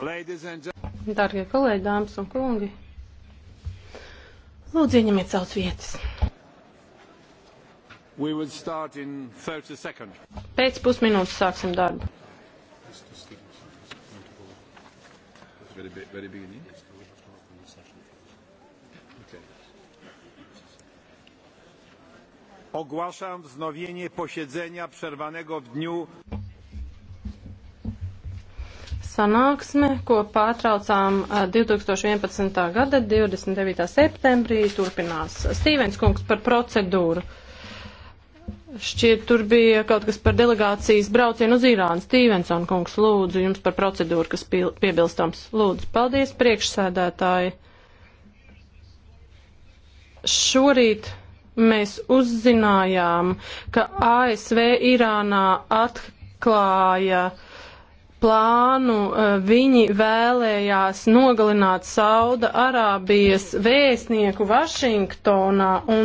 Darbie kolēģi, dāmas un kungi, lūdzu ieņemiet savas vietas. Pēc pusminūtes sāksim darbu. Very, very beginning. ogłaszam wznowienie posiedzenia przerwanego w dniu sanāksme, ko pārtraucām 2011. gada 29. septembrī, turpinās Stīvens kungs par procedūru. Šķiet, tur bija kaut kas par delegācijas braucienu uz Irānu. Stīvenson kungs, lūdzu, jums par procedūru, kas piebilstams. Lūdzu, paldies, priekšsēdētāji. Šorīt mēs uzzinājām, ka ASV Irānā atklāja uh, plānu e, viņi vēlējās nogalināt Sauda Arābijas vēstnieku Vašingtonā un